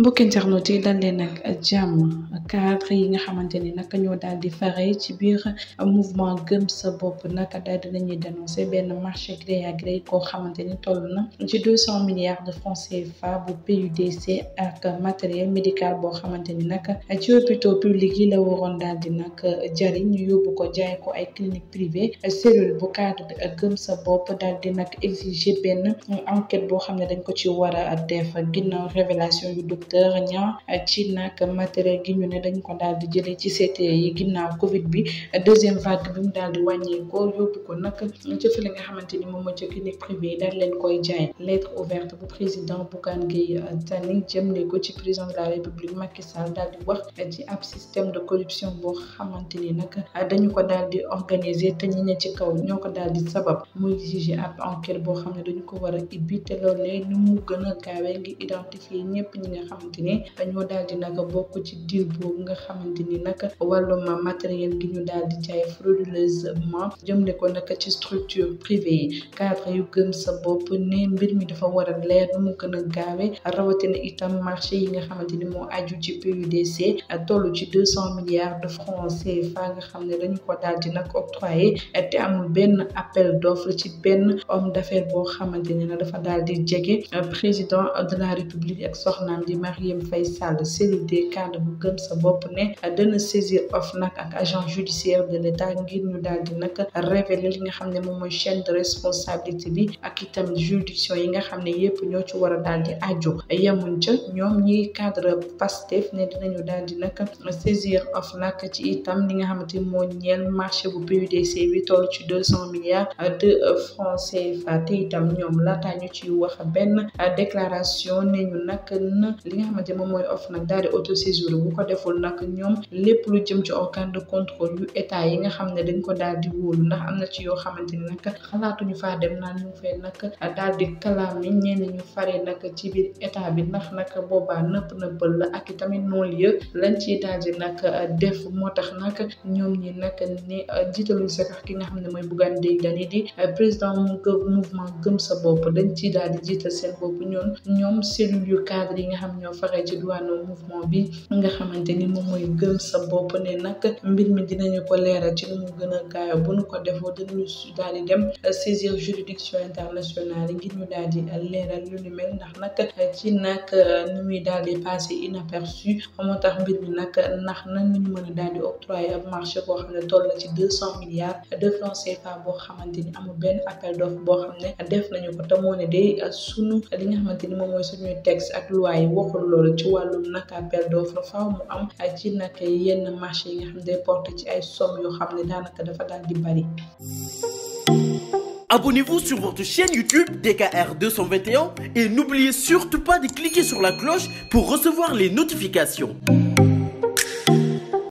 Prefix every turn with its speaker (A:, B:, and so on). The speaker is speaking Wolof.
A: mbokki internet yi dal leen nag jàmm cadre yi nga xamante ni nag ñoo daal di fare ci biir mouvement gëm sa bopp nag daal dinañuy dénoncer benn marché gré à gré koo xamante ni toll na ci deux cent milliards de francs CFA bu PUDC ak matériel médical boo xamante ni nag ci hôpitaux publics yi la waroon daal di nag jariñ ñu yóbbu ko jaay ko ay clinique privée cellule bu cadre gëm sa bopp daal di nag exiger benn enquête boo xam ne dañ ko ci war a def ginnaaw révélation producteur ñaaw ci nag matériel gi ñu ne dañ ko daal di jëlee ci CTE yi ginnaaw Covid bi deuxième vague bi mu daal di wàññeekoo yóbbu ko nag ci fi li nga ni moom moo ci clinique privée daal leen koy jaay lettre ouverte bu président Bougane Gueye Dany jëmle ko ci président de la République Macky Sall di wax ci ab système de corruption boo xamante ni nag dañu ko dal di organiser te ñi ne ci kaw ñoo ko daal di sabab muy jugé ab enquête boo xam ne dañu ko war a te loolee ni mu a xamante ni ñoo daal di nag bokk ci diir boobu nga xamante ni nag wàllum matériel gi ñu daal di jaay frauduleusement jëmle ko nag ci structure privée yi cadre yu gëm sa bopp ne mbir mi dafa war a leer nu mu gën a gaawe rawatina itam marché yi nga xamante ni moo aju ci PUDC toll ci deux cent milliards de francs CFA nga xam ne dañu ko daal di nag octroyé te amul benn appel d'offre ci benn homme d'affaires boo xamante ni nag dafa daal di jege président de la Marième Faye Sall série des cadres bu gëm sa bopp ne ak agent judiciaire de l'État ngir ñu daal di nag révéler li nga xam ne moom mooy chaîne de responsabilité bi ak itam yi nga xam ne yépp ñoo ci war a daal di aju yemuñ ca ñoom ñi cadre Pastef ne ñu daal di nag saisir OFNAC ci itam li nga xamante moo ñeel marché bu PUDC bi toll ci deux cent milliards de francs CFA te itam ñoom laataa ñu ci wax benn déclaration ne ñu nag na nga xamante moom mooy OFNAC daal di autosaisir bu ko deful nag ñoom lépp lu jëm ci organe de contrôle yu état yi nga xam ne dañ ko daal di wóolu ndax am na ci yoo xamante ni nag xalaatuñu faa dem naan ñu fay nag daal di kalaam yi ñenn ñu fare nag ci biir état bi ndax nag boobaa nëpp nëppal la ak i tamit yë yëpp lañ ciy daal di nag def moo tax nag ñoom ñi nag ni jiitaluñ sa kax ki nga xam ne mooy Bougane Gueye Dany di président mouvement gëm sa bopp dañ ciy daal di jiital seen bopp ñoom cellule yu cadre yi nga xam ñoo faree ci diwaanu mouvement bi nga xamante ni moom mooy gëm sa bopp ne nag mbir mi dinañu ko leeral ci nu mu gën a gaaw bu nu ko defoo dinañu daal di dem saisir juridiction internationale ngir ñu daal di leeral lu ni mel ndax nag ci nag ni muy daal di passé inaperçu moo tax mbir mi nag nax na nañu mën a daal di octroyer ab marché boo xam ne toll na ci deux cent milliards de francs CFA boo xamante ni amul benn appel d'offre boo xam ne def nañu ko te ne day sunu li nga xamante ni moom mooy suñuy texte ak loi yi kon loolu ci wàllum nag appel d'offre faaw mu am ci nag yenn marché yi xam ne day ci ay somme yoo xam ne daanaka dafa daal di bari. Abonnez-vous sur votre chaîne YouTube DKR et n'oubliez surtout pas de cliquer sur la cloche pour recevoir les notifications.